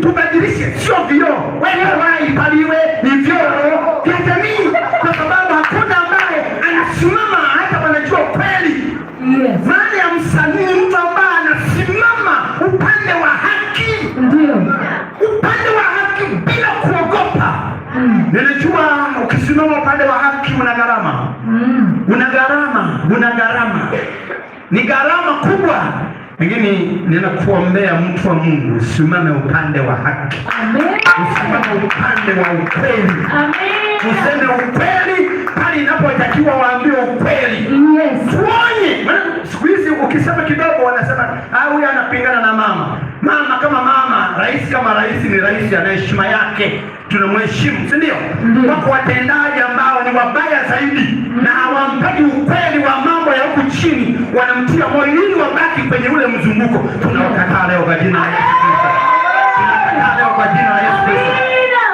tubadilishe, sio vioo weewai paliwe ni vio vya jamii, kwa sababu hakuna ambaye anasimama hata wanajua kweli. Maana ya msanii mtu ambaye anasimama upande wa haki, upande wa haki bila kuogopa. Ninajua ukisimama upande wa haki una gharama, mm. una gharama, una gharama, ni gharama lakini ninakuombea mtu wa Mungu, usimame upande wa haki, usimame upande wa ukweli, useme ukweli pale inapotakiwa, waambie ukweli, tuonye. Siku hizi ukisema kidogo, wanasema ah, huyu anapingana na mama Mama kama mama, rais kama rais, ni rais ana heshima yake, tunamheshimu, si ndio? Wako watendaji ambao ni wabaya zaidi mm na hawampaji ukweli wa mambo ya huku chini, wanamtia moyo ili wabaki kwenye ule mzunguko. Tunawakataa leo kwa jina la Yesu Kristo, tunawakataa leo kwa jina la Yesu Kristo.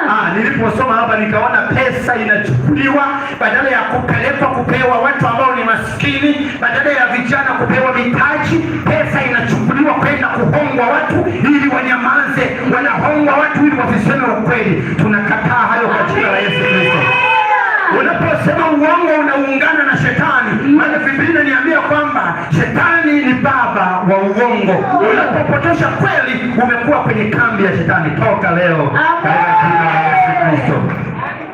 Ah, niliposoma hapa nikaona pesa inachukuliwa badala ya kupelekwa kupewa watu ambao ni maskini, badala ya vijana kupewa mitaji, pesa inachukuliwa wanapenda kuhongwa watu ili wanyamaze, wanahongwa watu ili wasiseme ukweli. Tunakataa hayo kwa jina la Yesu Kristo. Unaposema uongo unaungana na shetani, maana Biblia inaniambia kwamba shetani ni baba wa uongo. Unapopotosha kweli, umekuwa kwenye kambi ya shetani. Toka leo Kristo.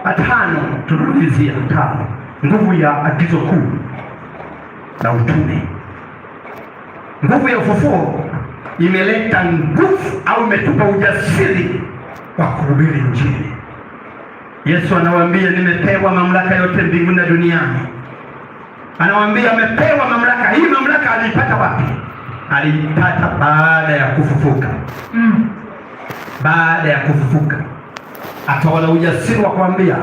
Atano, tunaulizia tano, nguvu ya agizo kuu na utume, nguvu ya ufufuo imeleta nguvu au imetupa ujasiri wa kuhubiri Injili. Yesu anawaambia nimepewa mamlaka yote mbinguni na duniani. Anawaambia amepewa mamlaka hii. Mamlaka aliipata wapi? Aliipata baada ya kufufuka mm. Baada ya kufufuka akaona ujasiri wa kuambia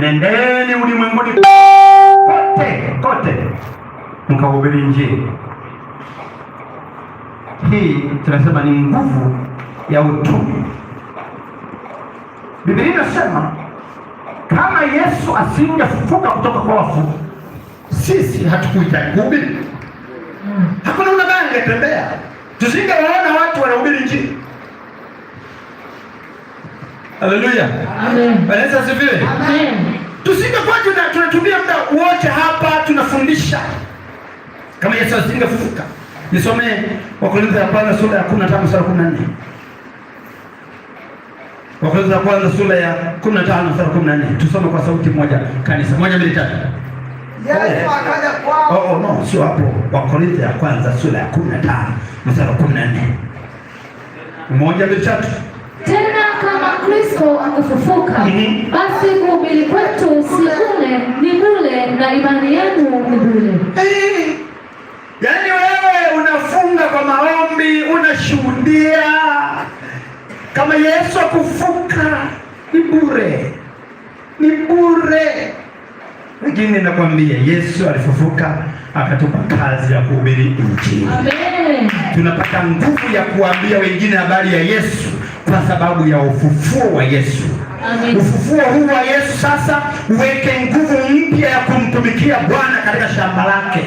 nendeni ulimwenguni kote kote mkahubiri Injili hii tunasema ni nguvu ya utume. Biblia inasema kama Yesu asingefufuka kutoka kwa wafu, sisi hatukuhitaji kuhubiri. Hakuna mtu ambaye angetembea, tusingewaona watu wanahubiri Injili. Haleluya, Bwana asifiwe. Tusingekuwa tunatumia muda wote hapa tunafundisha kama Yesu asingefufuka. Nisomee Wakorintho ya kwanza sura ya 15 mstari wa 14. Wakorintho ya kwanza sura ya 15 mstari wa 14. Tusome kwa sauti moja kanisa. Moja mbili tatu. Yesu eh, eh. akaja kwao. Oh, oh, no, sio hapo. Wakorintho ya kwanza sura ya 15 mstari wa 14. Moja mbili tatu. Tena kama Kristo amefufuka, mm -hmm. basi kuhubiri kwetu si kule ni bure na imani yenu ni bure. Hey. Eh, Yaani wewe unafunga kwa maombi, unashuhudia kama Yesu akufuka, ni bure, ni bure. Lakini nakwambia Yesu alifufuka akatupa kazi ya kuhubiri Injili. Amen. Tunapata nguvu ya kuambia wengine habari ya Yesu kwa sababu ya ufufuo wa Yesu ufufuo huu wa Yesu sasa uweke nguvu mpya ya kumtumikia Bwana katika shamba lake.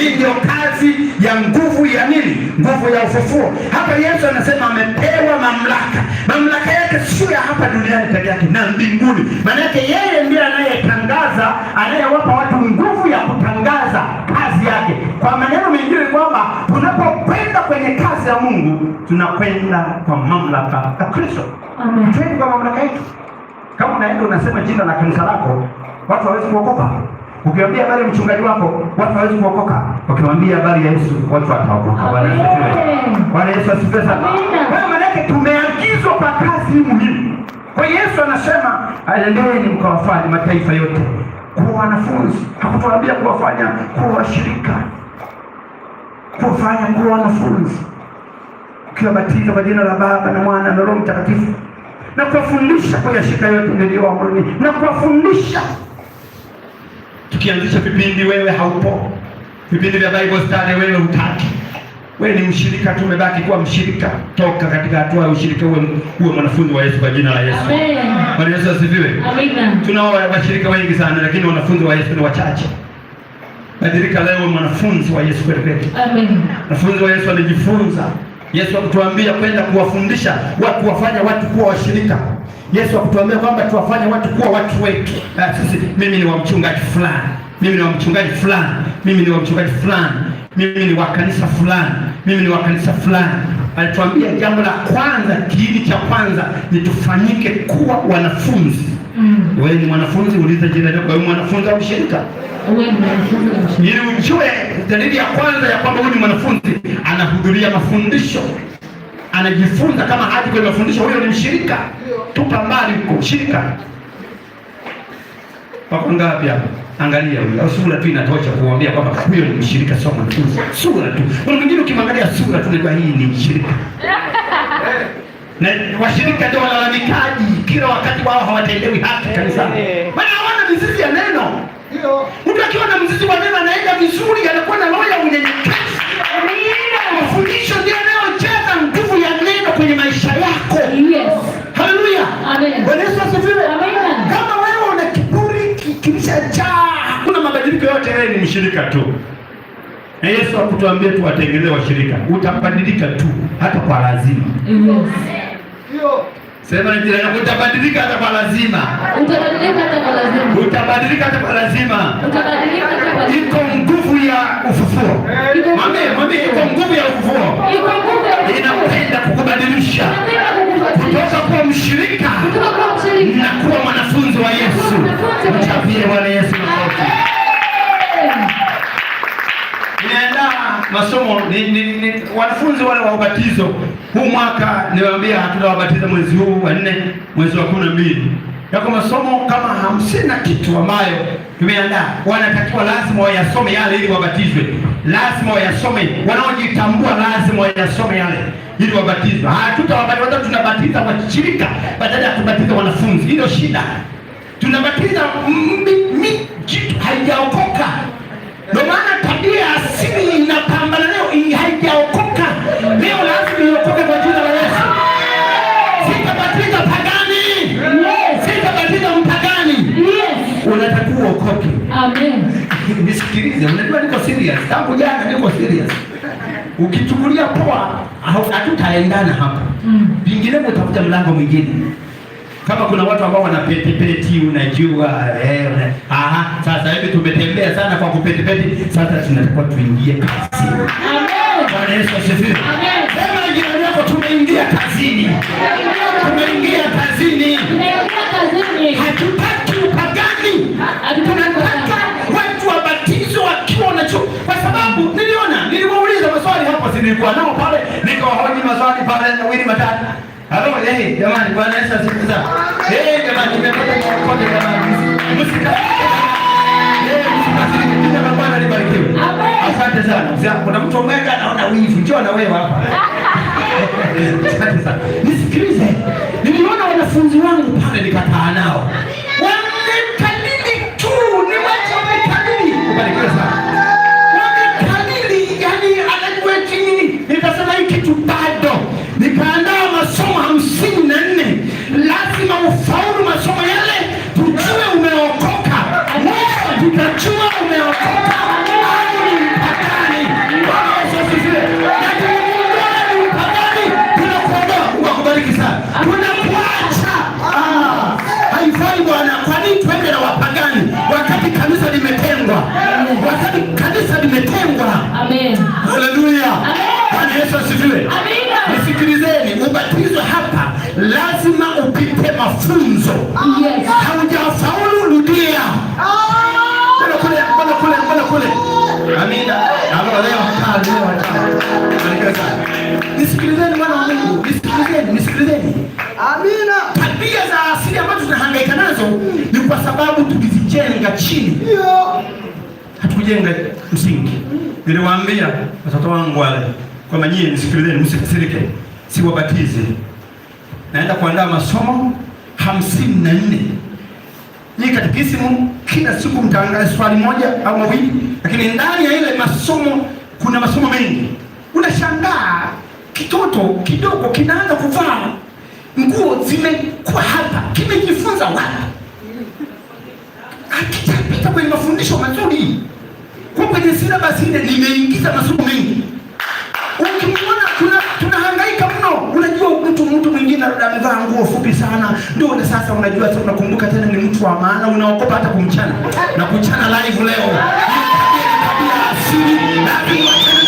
Hii ndio kazi ya nguvu ya nini? Nguvu ya ufufuo. Hapa Yesu anasema amepewa mamlaka. Mamlaka yake sio ya hapa duniani peke yake, na mbinguni. Maana yake yeye ndiye anayetangaza, anayewapa watu nguvu ya kutangaza kazi yake. Kwa maneno mengine, kwamba tunapokwenda kwenye kazi ya Mungu tunakwenda kwa mamlaka ya Kristo, tuende kwa mamlaka yetu kama unaenda unasema jina la kanisa lako, watu hawezi kuokoka. Ukiwaambia habari mchungaji wako, watu hawezi kuokoka. Ukiwaambia habari ya Yesu, watu wataokoka. Bwana Yesu asifiwe sana. Kwa maana yake tumeagizwa kwa kazi muhimu. Kwa Yesu anasema, enendeni mkawafanye mataifa yote kuwa wanafunzi. Hakutuambia kuwafanya kuwa washirika, kuwafanya kuwa wanafunzi, ukiwabatiza kwa jina la Baba na Mwana na Roho Mtakatifu na kuwafundisha kuyashika yote niliyoamuru, na kuwafundisha. Tukianzisha vipindi, wewe haupo, vipindi vya Bible study wewe hutaki, wewe ni mshirika tu, umebaki kuwa mshirika. Toka katika hatua ya ushirika, uwe uwe mwanafunzi wa Yesu kwa jina la Yesu. Amen. Bwana Yesu asifiwe. Amen. Tunao washirika wengi sana, lakini wanafunzi wa Yesu ni wachache. Badilika leo, mwanafunzi wa Yesu kweli kweli. Amen. Mwanafunzi wa Yesu alijifunza Yesu akutuambia kwenda kuwafundisha watu, wafanya watu kuwa washirika. Yesu akutuambia kwamba tuwafanya watu kuwa watu wetu. Ah, sisi mimi ni wa mchungaji fulani, mimi ni wa mchungaji fulani, mimi ni wa mchungaji fulani, mimi ni wa kanisa fulani, mimi ni wa kanisa fulani. Alituambia jambo la kwanza, kiini cha kwanza ni tufanyike kuwa wanafunzi Mm. Wewe ni mwanafunzi, uliza jina lako. Wewe mwanafunzi au mshirika? Wewe ni mwanafunzi. Ili ujue dalili ya kwanza ya kwamba huyu ni mwanafunzi, anahudhuria mafundisho, anajifunza. Kama haji kwenye mafundisho, huyo ni mshirika. Tupa mbali huko shirika. Wako ngapi hapa? Angalia huyo. Au sura tu inatosha kuambia kwamba huyo ni mshirika, sio mwanafunzi. Sura tu. Kuna mwingine ukimwangalia sura tu, hii ni mshirika. na washirika ndio walalamikaji kila wakati, wao hawatendewi haki kanisani, eh. maana hawana mizizi ya neno. Mtu akiwa na mzizi wa neno anaenda vizuri, anakuwa na roho ya unyenyekevu. Mafundisho ndio yanayojaza nguvu ya neno kwenye maisha yako. Haleluya, Bwana Yesu asifiwe. Kama wewe una kiburi kimeshajaa, kuna mabadiliko yote, wewe ni mshirika tu. Na Yesu akutuambia tuwatengeneze washirika, utabadilika tu hata kwa lazima. Sema na jirani, utabadilika hata kwa lazima. Utabadilika hata kwa lazima. Utabadilika hata kwa lazima. Utabadilika hata kwa lazima. Iko nguvu ya ufufuo. Mami, mami iko nguvu ya ufufuo. Iko nguvu ya ufufuo. Inapenda kukubadilisha. Kutoka kwa mshirika na kuwa mwanafunzi wa Yesu. Mtapie Bwana Yesu makofi ninaandaa masomo ni, ni, ni, wanafunzi wale wa ubatizo huu mwaka niwaambia, hatutawabatiza mwezi huu wa nne, mwezi wa kumi na mbili. Yako masomo kama hamsini na kitu ambayo tumeandaa, wanatakiwa lazima wayasome yale ili wabatizwe, lazima wayasome. Wanaojitambua lazima wayasome yale ili wabatizwe. Hatutawabatiza, tunabatiza washirika badala ya kubatiza wanafunzi. Hilo shida, tunabatiza kitu haijaokoka, ndio maana juu ya asili inapambana haijaokoka leo, lazima iokoke kwa jina la Yesu. pagani, mpagani, unatakiwa uokoke. Amen. Nisikilize, niko serious, tangu jana niko serious. Ukichukulia poa, hatutaendana hapa, vinginevyo mm. utakuta mlango mwingine. Kama kuna watu ambao wana peti, unajua, eh, una, aha, sasa hivi tumetembea sana kwa peti, sasa tunatakiwa tuingie kazi. Amen. Bwana Yesu asifiwe. Amen. Sema jirani yako tumeingia kazini. Tumeingia kazini. Tumeingia kazini. Hatutaki upagani. watu wabatizwe wakiwa kwa sababu niliona niliwauliza maswali hapo, si nilikuwa nao pale nikawahoji maswali pale mawili matatu Jamani, jamani, Bwana Yesu asifiwe sana. Eh, jamani, nimepata kuokoka jamani. Msika. Eh, msikasirike kitu kama Bwana alibarikiwe. Asante sana. Kuna mtu mweka anaona wivu. Njoo na wewe hapa. Asante sana. Nisikilize. Niliona wanafunzi wangu pale nikataa nao. Wamemkalili tu, ni watu wamemkalili. Ubarikiwe sana. Wamemkalili, yani anakuwa chini. Nikasema hiki kitu bado. Nikaanza sababu tukizijenga chini hatukujenga msingi. Niliwaambia watoto wangu wale kwamba nyie nisikilizeni, msikasirike, siwabatizi. Naenda kuandaa masomo hamsini na nne ni katekisimu kila siku mtaangalia swali moja au mawili, lakini ndani ya ile masomo kuna masomo mengi. Unashangaa kitoto kidogo kinaanza kuvaa nguo zimekuwa hapa, kimejifunza wapi? Nitapita kwenye mafundisho mazuri. Kwa kwenye silabasi ile nimeingiza masomo mengi. Ukimwona kuna tunahangaika mno. Unajua mtu mtu mwingine labda amevaa nguo fupi sana. Ndio na sasa unajua sasa unakumbuka tena ni mtu wa maana unaokopa hata kumchana. Na kuchana live leo. Tabia asili na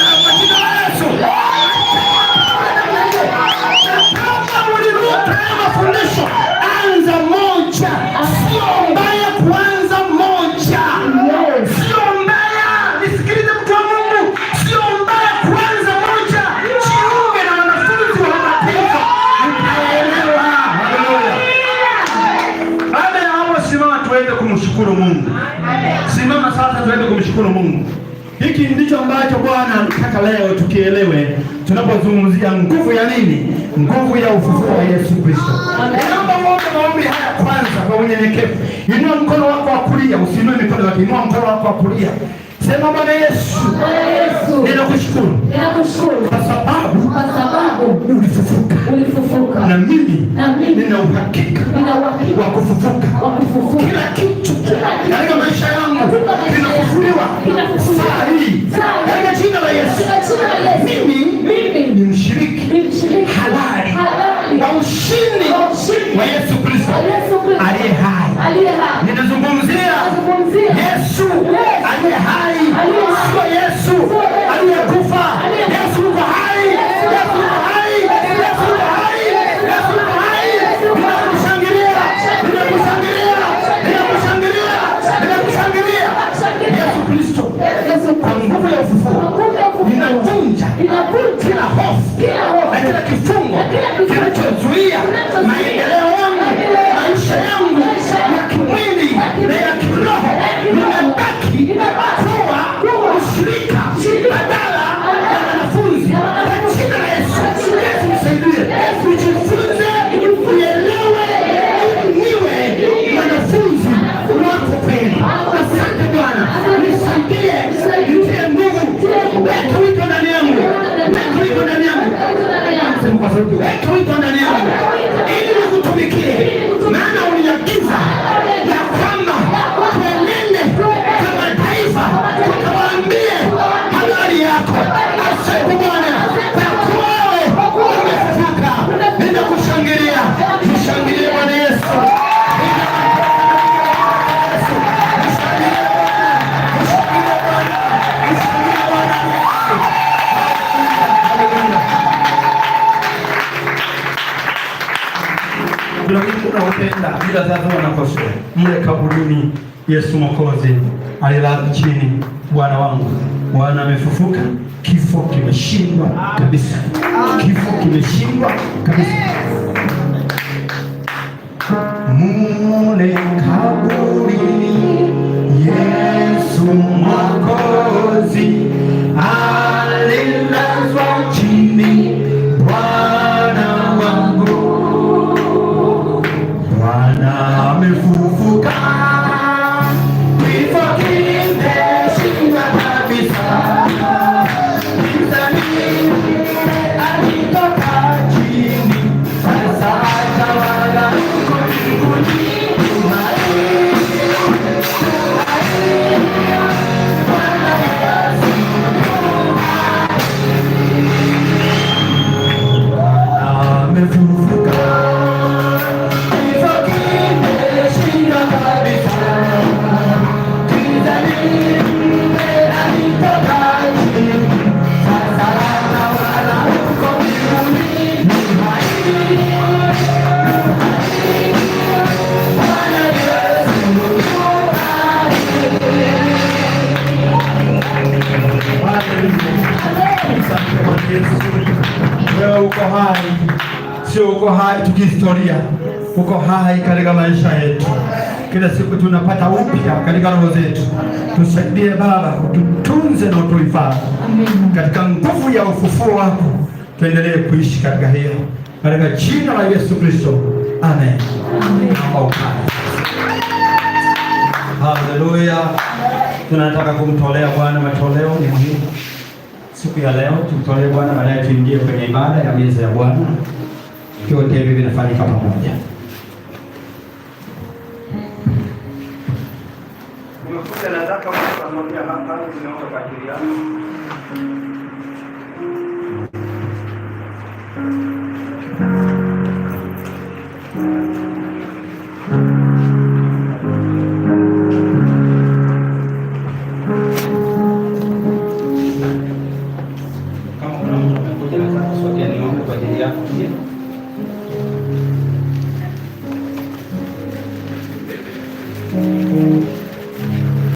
kumshukuru Mungu. Simama sasa, tuende kumshukuru Mungu. Hiki ndicho ambacho Bwana anataka leo tukielewe, tunapozungumzia nguvu ya nini? Nguvu ya ufufuo wa Yesu Kristo. Naomba uombe maombi haya kwanza kwa unyenyekevu. Inua mkono wako wa kulia, usiinue mikono yako, inua mkono wako wa kulia Sema Bwana Yesu, ninakushukuru kwa sababu ulifufuka, ulifufuka. na mimi nina uhakika wa kufufuka. Kila kitu katika maisha yangu kinafufuliwa saa hii katika jina la Yesu. Mimi ni mshiriki halali wa ushindi wa Yesu Kristo aliye hai. mafuta tuita ndani yangu ili nikutumikie, maana uliniagiza ya kwamba tuenende kama taifa tukawaambie habari yako. Asante Bwana, kwa kuwa wewe umefufuka, ninakushangilia. wanaopenda bila dhambi wanakosea, mle kaburini Yesu Mwokozi alilala chini. Bwana wangu, Bwana amefufuka, kifo kimeshindwa kabisa, kifo kimeshindwa kabisa. historia, uko hai katika maisha yetu. Kila siku tunapata upya katika roho zetu. Tusaidie Baba, ututunze na utuhifadhi katika nguvu ya ufufuo wako, tuendelee kuishi katika hiyo, katika jina la Yesu Kristo, amen. Haleluya! Tunataka kumtolea Bwana matoleo, ni muhimu siku ya leo tumtolee Bwana, baadaye tuingie kwenye ibada ya meza ya Bwana vyote hivi vinafanyika pamoja. Nimekuja na zaka hapa, tunaomba kadiriano